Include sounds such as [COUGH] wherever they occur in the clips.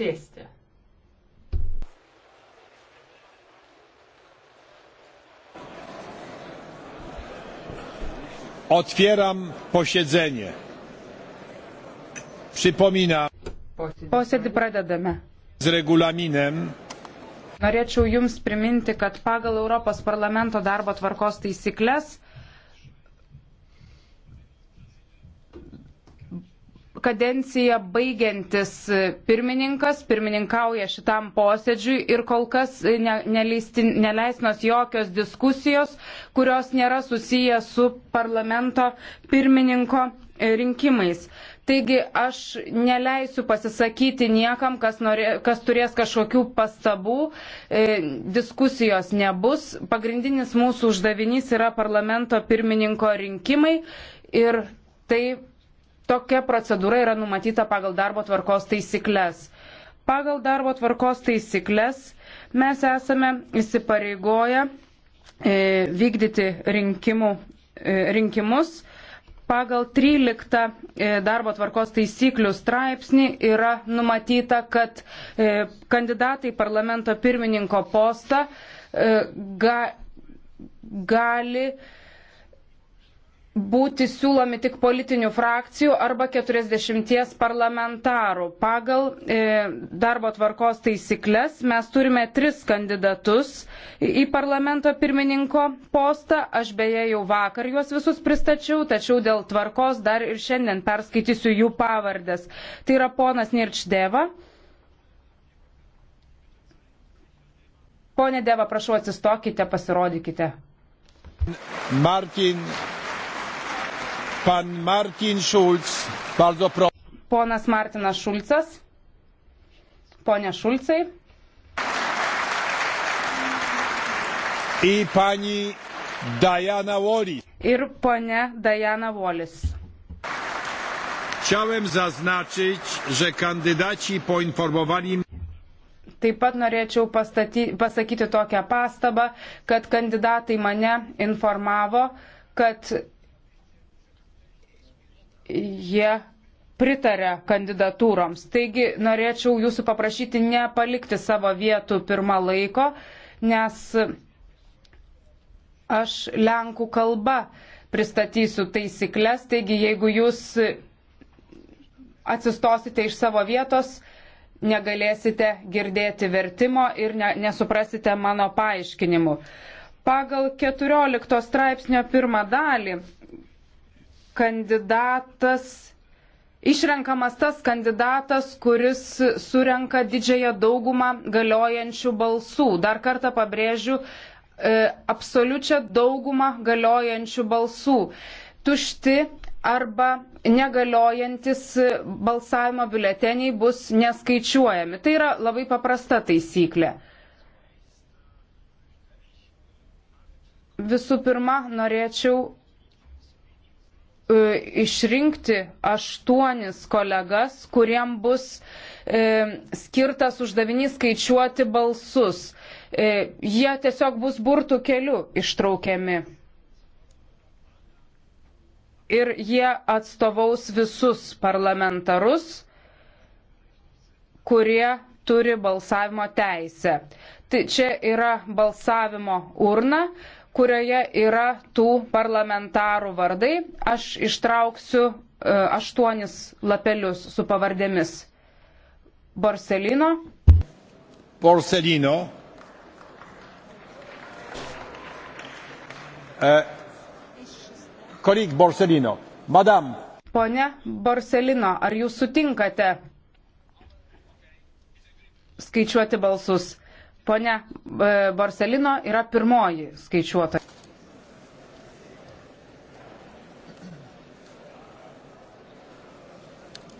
sėsti. Otwieram posiedzenie. Przypominam. Posėdį pradedame. Z regulaminem. Norėčiau Jums priminti, kad pagal Europos parlamento darbo tvarkos taisyklės kadenciją baigiantis pirmininkas pirmininkauja šitam posėdžiui ir kol kas e, ne, neleisti, neleistinos jokios diskusijos, kurios nėra susiję su parlamento pirmininko e, rinkimais. Taigi aš neleisiu pasisakyti niekam, kas, norė, kas turės kažkokių pastabų, e, diskusijos nebus. Pagrindinis mūsų uždavinys yra parlamento pirmininko rinkimai ir tai tokia procedūra yra numatyta pagal darbo tvarkos taisyklės. Pagal darbo tvarkos taisyklės mes esame įsipareigoję e, vykdyti rinkimų, e, rinkimus. Pagal 13 e, darbo tvarkos taisyklių straipsnį yra numatyta, kad kandidatai parlamento pirmininko postą ga, gali būti siūlomi tik politinių frakcijų arba 40 parlamentarų. Pagal e, darbo tvarkos taisyklės mes turime tris kandidatus į parlamento pirmininko postą. Aš beje jau vakar juos visus pristačiau, tačiau dėl tvarkos dar ir šiandien perskaitysiu jų pavardės. Tai yra ponas Nirčdeva. Pone Deva, prašau atsistokite, pasirodykite. Martin Pan Martin Schulz, bardzo proszę. Ponas Martinas Šulcas. Pone Šulcai. I pani Diana Wallis. Ir ponia Diana Wallis. Chciałem zaznaczyć, że kandydaci poinformowali mnie. Taip pat norėčiau pastaty, pasakyti tokią pastabą, kad kandidatai mane informavo, kad jie pritarė kandidatūroms. Taigi norėčiau jūsų paprašyti nepalikti savo vietų pirmą laiko, nes aš lenkų kalbą pristatysiu taisyklės, taigi jeigu jūs atsistosite iš savo vietos, negalėsite girdėti vertimo ir ne, nesuprasite mano paaiškinimų. Pagal 14 straipsnio pirmą dalį kandidatas Išrenkamas tas kandidatas, kuris surenka didžiąją daugumą galiojančių balsų. Dar kartą pabrėžiu, e, absoliučią daugumą galiojančių balsų. Tušti arba negaliojantis balsavimo biuleteniai bus neskaičiuojami. Tai yra labai paprasta taisyklė. Visų pirma, norėčiau E, išrinkti aštuonis kolegas, kuriem bus e, skirtas uždavinys skaičiuoti balsus. E, jie tiesiog bus burtų keliu ištraukiami. Ir jie atstovaus visus parlamentarus, kurie turi balsavimo teisę. Tai čia yra balsavimo urna, kurioje yra tų parlamentarų vardai. Aš ištrauksiu e, aštuonis lapelius su pavardėmis. Borselino. Borselino. Kolik e, Borselino. Madam. Pone Borselino, ar jūs sutinkate skaičiuoti balsus? Pone e, Borselino yra pirmoji skaičiuota.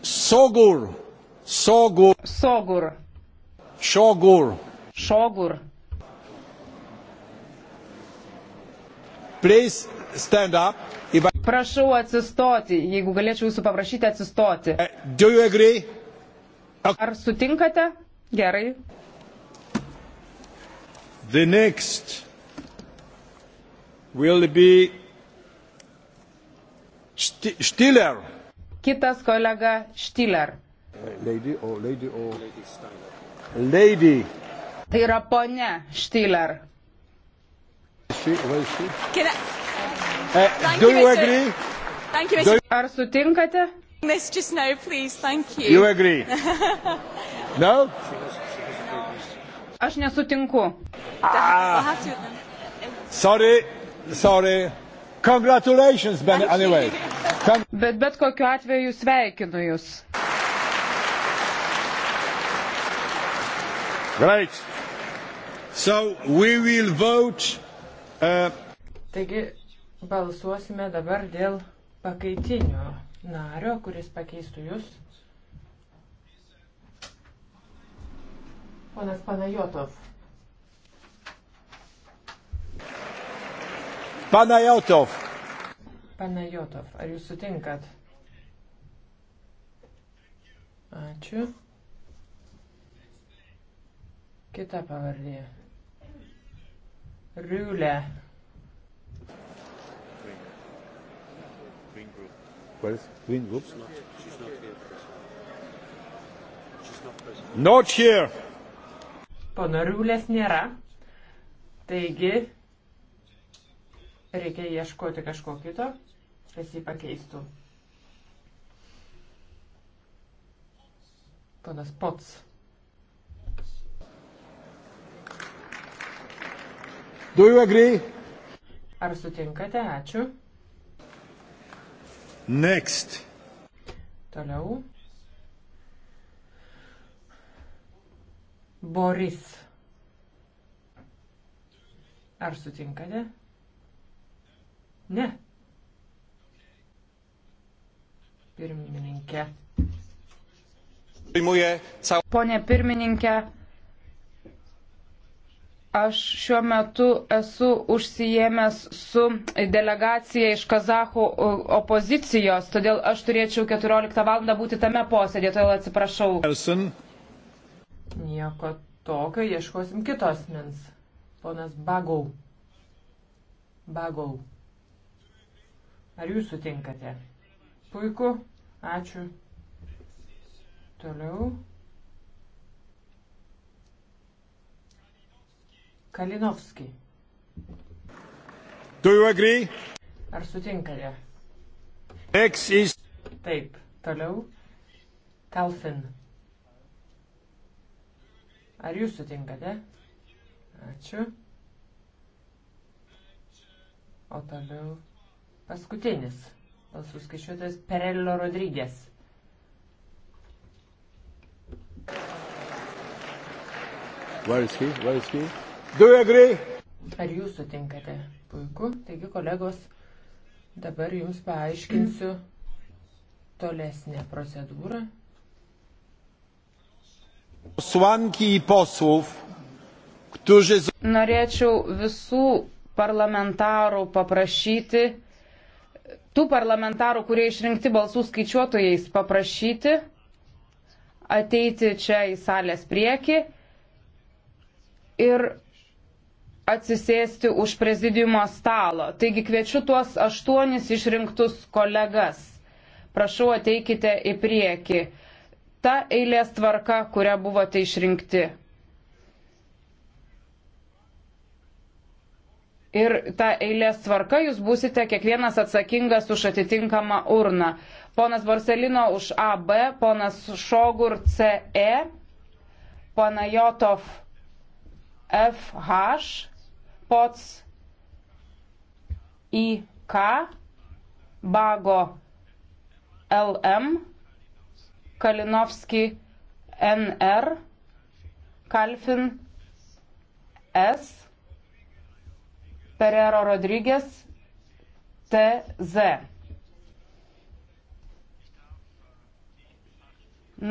Sogur. Sogur. Sogur. Šogur. Šogur. Please stand up. I... Prašau atsistoti, jeigu galėčiau jūsų paprašyti atsistoti. Do you agree? Ar sutinkate? Gerai. The next will be Stiller. Kitas kolega Stiller. Lady o Lady o Lady. Tai yra ponia Stiller. She, she? I... Uh, do you, you agree? Thank you, Mr. Ar sutinkate? This just now, please. Thank you. You agree? [LAUGHS] no? Aš nesutinku. Ah. Sorry, sorry. Congratulations, ben, anyway. Con bet bet kokiu atveju sveikinu Jūs. Great. So we will vote. Uh, Taigi balsuosime dabar dėl pakaitinio nario, kuris pakeistų Jūs. ponas Panajotov. Panajotov. Panajotov, ar jūs sutinkat? Ačiū. Kita pavardė. Riulė. Where is Green Group? Not, she's not here. She's not present. Not here. Pono Riulės nėra. Taigi, reikia ieškoti kažko kito, kas jį pakeistų. Ponas Pots. Do you agree? Ar sutinkate? Ačiū. Next. Toliau. Boris. Ar sutinkate? Ne. Pirmininkė. Pone pirmininkė, aš šiuo metu esu užsijėmęs su delegacija iš Kazahų opozicijos, todėl aš turėčiau 14 val. būti tame posėdėje, todėl atsiprašau. Nelson. Nieko tokio, ieškosim kitos mins. Ponas Bagau. Bagau. Ar jūs sutinkate? Puiku, ačiū. Toliau. Kalinovski. Do you agree? Ar sutinkate? Next is... Taip, toliau. Kalfin. Ar jūs sutinkate? Ačiū. O toliau paskutinis balsų skaičiuotojas Perello Rodrygės. Where is he? Where is he? Do you agree? Ar jūs sutinkate? Puiku. Taigi, kolegos, dabar jums paaiškinsiu tolesnę procedūrą. Posłanki i posłów, którzy... Norėčiau visų parlamentarų paprašyti, tų parlamentarų, kurie išrinkti balsų skaičiuotojais, paprašyti ateiti čia į salės priekį ir atsisėsti už prezidiumo stalo. Taigi kviečiu tuos aštuonis išrinktus kolegas. Prašau, ateikite į priekį ta eilės tvarka, kurią buvote išrinkti. Ir ta eilės tvarka jūs būsite kiekvienas atsakingas už atitinkamą urną. Ponas Borselino už AB, ponas Šogur CE, Panajotov FH, POTS IK, BAGO LM Kalinovski NR, Kalfin S, Perero Rodrygės TZ.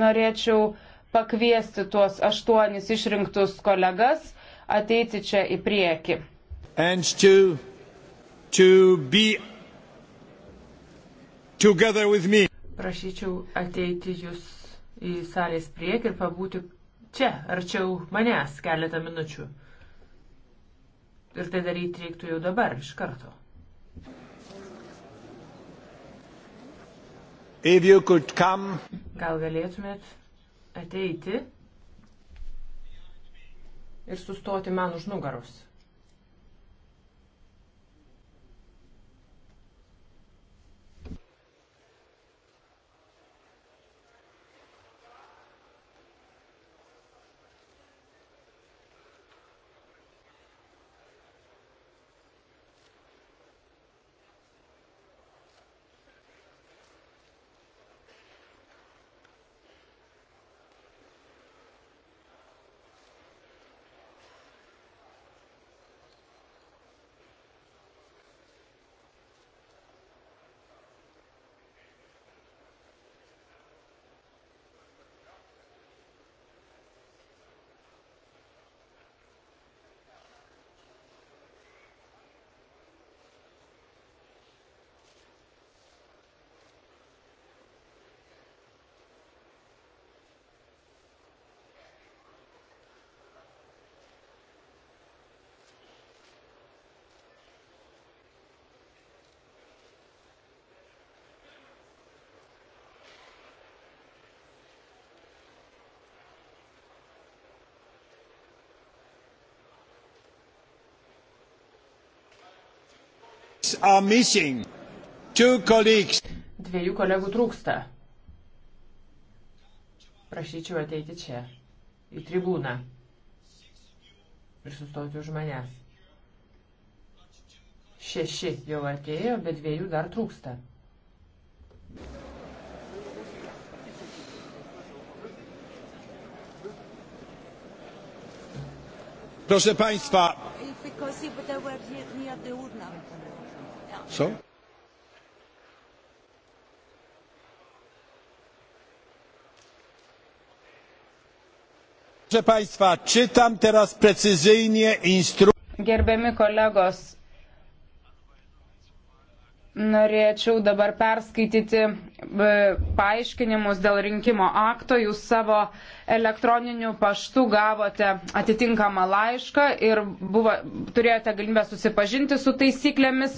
Norėčiau pakviesti tuos aštuonis išrinktus kolegas ateiti čia į priekį. And to, to be together with me. Prašyčiau ateiti jūs į salės priekį ir pabūti čia, arčiau manęs keletą minučių. Ir tai daryti reiktų jau dabar, iš karto. Gal galėtumėt ateiti ir sustoti man už nugaros? Dviejų kolegų trūksta. Prašyčiau ateiti čia, į tribūną ir sustoti už manęs. Šeši jau atėjo, bet dviejų dar trūksta. Proszę Państwa, So? Proszę Państwa, czytam teraz precyzyjnie instrukcję. Gerbiami kolegos, norėčiau dabar perskaityti e, paaiškinimus dėl rinkimo akto. Jūs savo elektroniniu paštu gavote atitinkamą laišką ir buvo, turėjote galimybę susipažinti su taisyklėmis.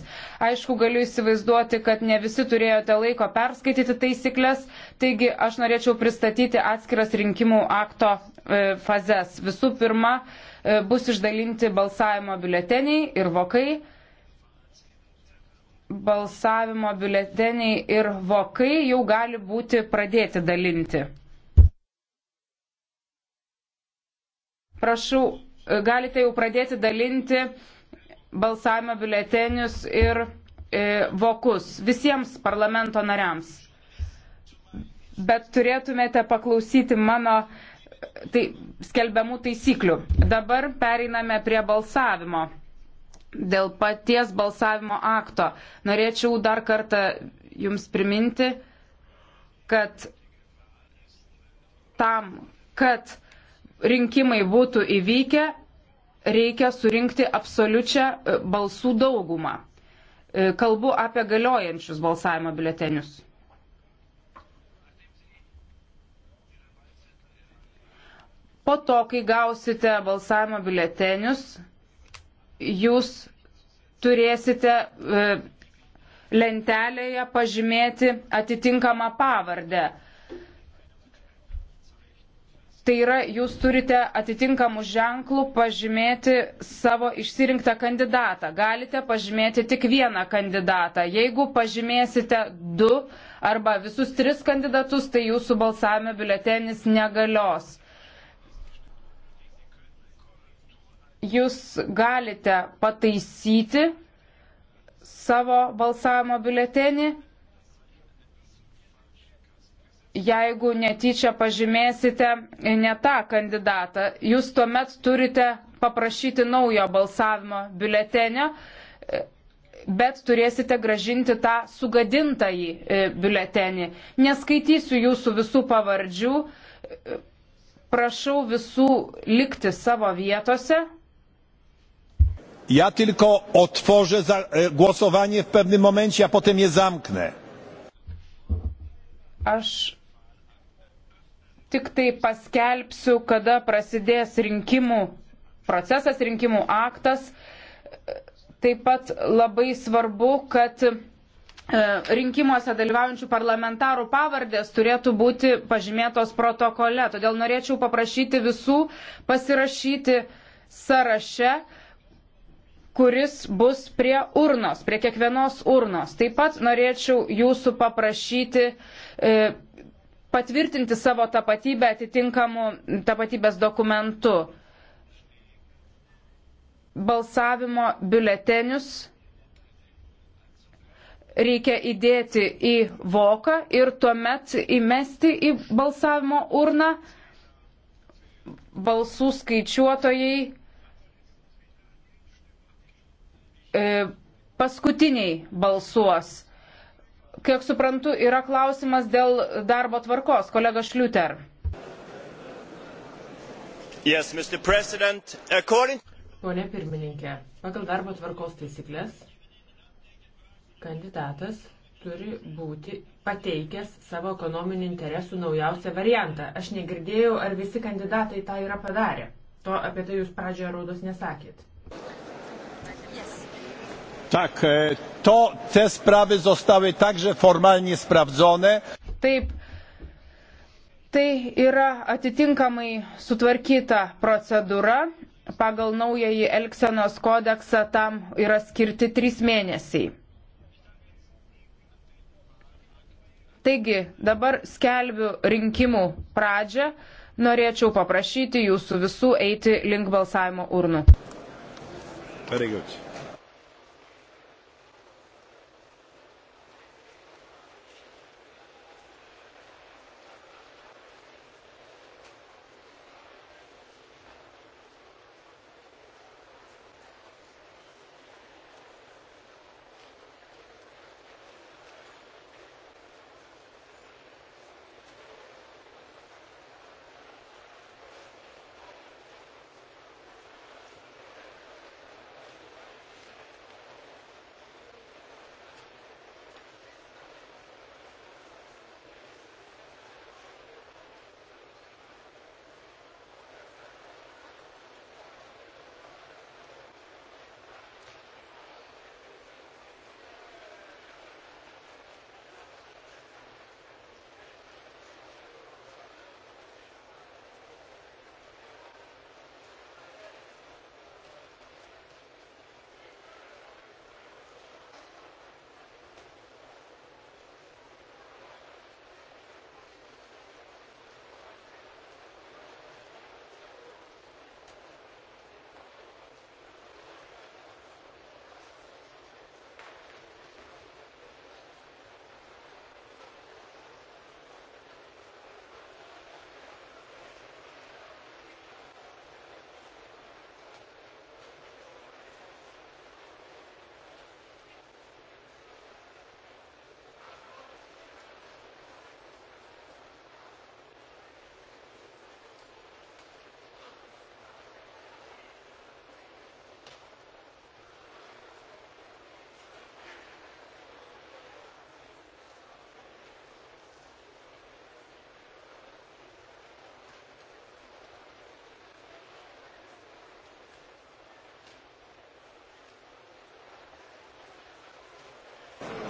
Aišku, galiu įsivaizduoti, kad ne visi turėjote laiko perskaityti taisyklės. Taigi aš norėčiau pristatyti atskiras rinkimų akto e, fazes. Visų pirma, e, bus išdalinti balsavimo biuleteniai ir vokai balsavimo biuleteniai ir vokai jau gali būti pradėti dalinti. Prašau, galite jau pradėti dalinti balsavimo biuletenius ir e, vokus visiems parlamento nariams. Bet turėtumėte paklausyti mano e, tai, skelbiamų taisyklių. Dabar pereiname prie balsavimo dėl paties balsavimo akto. Norėčiau dar kartą Jums priminti, kad tam, kad rinkimai būtų įvykę, reikia surinkti absoliučią e, balsų daugumą. E, kalbu apie galiojančius balsavimo biuletenius. Po to, kai gausite balsavimo biuletenius, jūs turėsite e, lentelėje pažymėti atitinkamą pavardę. Tai yra, jūs turite atitinkamų ženklų pažymėti savo išsirinktą kandidatą. Galite pažymėti tik vieną kandidatą. Jeigu pažymėsite du arba visus tris kandidatus, tai jūsų balsavimo biuletenis negalios. jūs galite pataisyti savo balsavimo biuletenį. Jeigu netyčia pažymėsite ne tą kandidatą, jūs tuomet turite paprašyti naujo balsavimo biuletenio, bet turėsite gražinti tą sugadintąjį e, biuletenį. Neskaitysiu jūsų visų pavardžių, prašau visų likti savo vietose. Ja tylko otworzę za, e, głosowanie w pewnym momencie, a potem je zamknę. Aš tik tai paskelbsiu, kada prasidės rinkimų procesas, rinkimų aktas. Taip pat labai svarbu, kad e, rinkimuose dalyvaujančių parlamentarų pavardės turėtų būti pažymėtos protokole. Todėl norėčiau paprašyti visų pasirašyti sąraše kuris bus prie urnos, prie kiekvienos urnos. Taip pat norėčiau jūsų paprašyti e, patvirtinti savo tapatybę atitinkamu tapatybės dokumentu. Balsavimo biuletenius reikia įdėti į voką ir tuomet įmesti į balsavimo urną. Balsų skaičiuotojai E, paskutiniai balsuos. Kiek suprantu, yra klausimas dėl darbo tvarkos. Kolega Šliuter. Yes, according... Pone pirmininkė, pagal darbo tvarkos taisyklės kandidatas turi būti pateikęs savo ekonominių interesų naujausią variantą. Aš negirdėjau, ar visi kandidatai tą yra padarę. To apie tai jūs pradžioje raudos nesakėt. Tak, e, to te sprawy zostały także formalnie sprawdzone. Taip. Tai yra atitinkamai sutvarkyta procedūra. Pagal naująjį Elksenos kodeksą tam yra skirti trys mėnesiai. Taigi, dabar skelbiu rinkimų pradžią. Norėčiau paprašyti jūsų visų eiti link balsavimo urnų. Very good.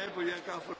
Herr Buljakov.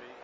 maybe.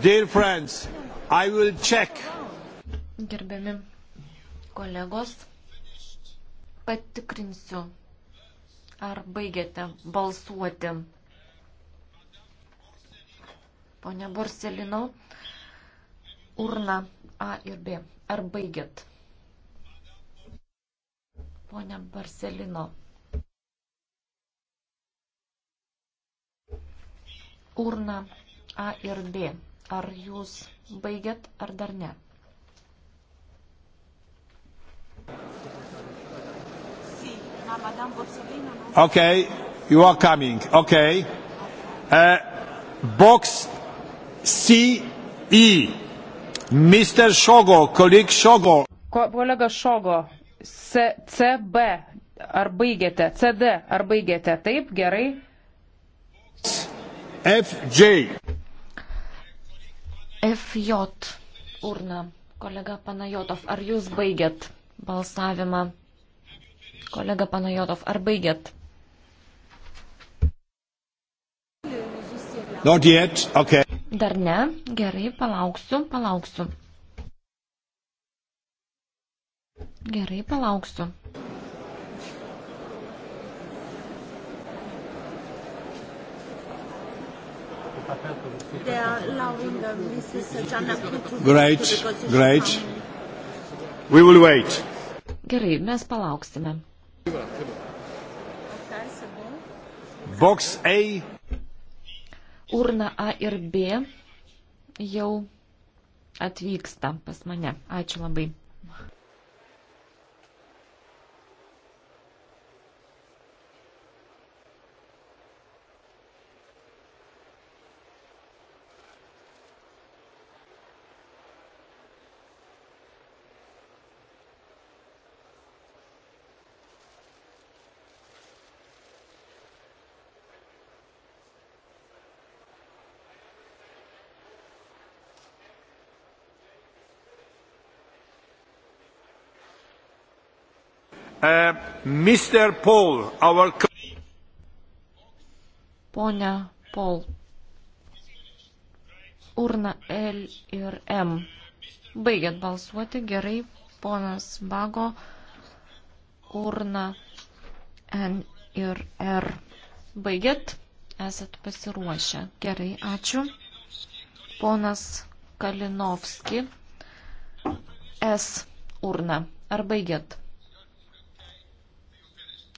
Dear friends, I will check. Gerbiami kolegos, patikrinsiu, ar baigėte balsuoti. Pone Borselino, urna A ir B. Ar baigėt? Pone Borselino. Urna A ir B. Ar jūs baigėt ar dar ne? Okay, you are coming. Okay. Uh, box C, E. Mr. Šogo, kolik Šogo. Ko, kolega Šogo, C, CB, ar baigėte? CD, ar baigėte? Taip, gerai. FJ. FJ urna. Kolega Panajotov, ar jūs baigėt balsavimą? Kolega Panajotov, ar baigėt? Not yet, okay. Dar ne, gerai, palauksiu, palauksiu. Gerai, palauksiu. They are allowing uh, Mrs. Gianna Pietro. Great, great. We will wait. Gerai, mes palauksime. Box A. Urna A ir B jau atvyksta pas mane. Ačiū labai. Uh, Mr. Paul, our... Pone Paul. Urna L ir M. Baigiat balsuoti, gerai, ponas Bago, urna N ir R. Baigiat, esat pasiruošę. Gerai, ačiū. Ponas Kalinovski, S urna. Ar baigiat?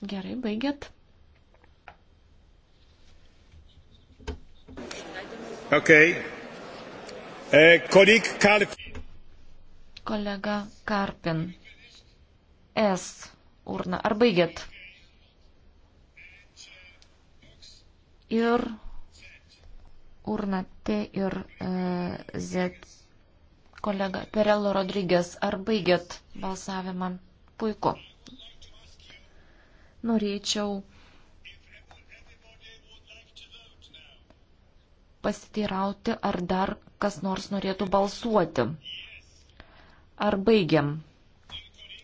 Gerai, baigėt. Okay. E, eh, kolik Karpin. Kolega Karpin. S. Urna. Ar baigėt? Ir urna T ir e, Z. Kolega Perelo Rodrygės, ar baigėt balsavimą? Puiku norėčiau pasiteirauti, ar dar kas nors norėtų balsuoti. Ar baigiam?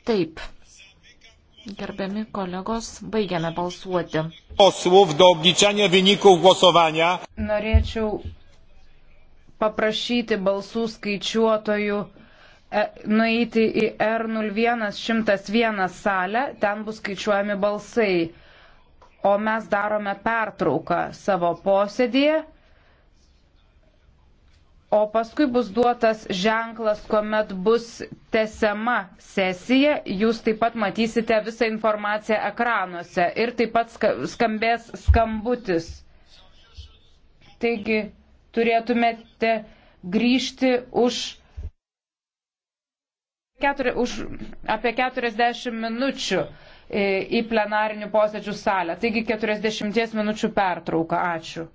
Taip. Gerbiami kolegos, baigiame balsuoti. Posłów do obliczania wyników głosowania. Norėčiau paprašyti balsų skaičiuotojų E, nueiti į R01101 salę, ten bus skaičiuojami balsai. O mes darome pertrauką savo posėdėje. O paskui bus duotas ženklas, kuomet bus tesiama sesija. Jūs taip pat matysite visą informaciją ekranuose ir taip pat skambės skambutis. Taigi turėtumėte grįžti už keturi, už apie 40 minučių e, į plenarinių posėdžių salę. Taigi 40 minučių pertrauka. Ačiū.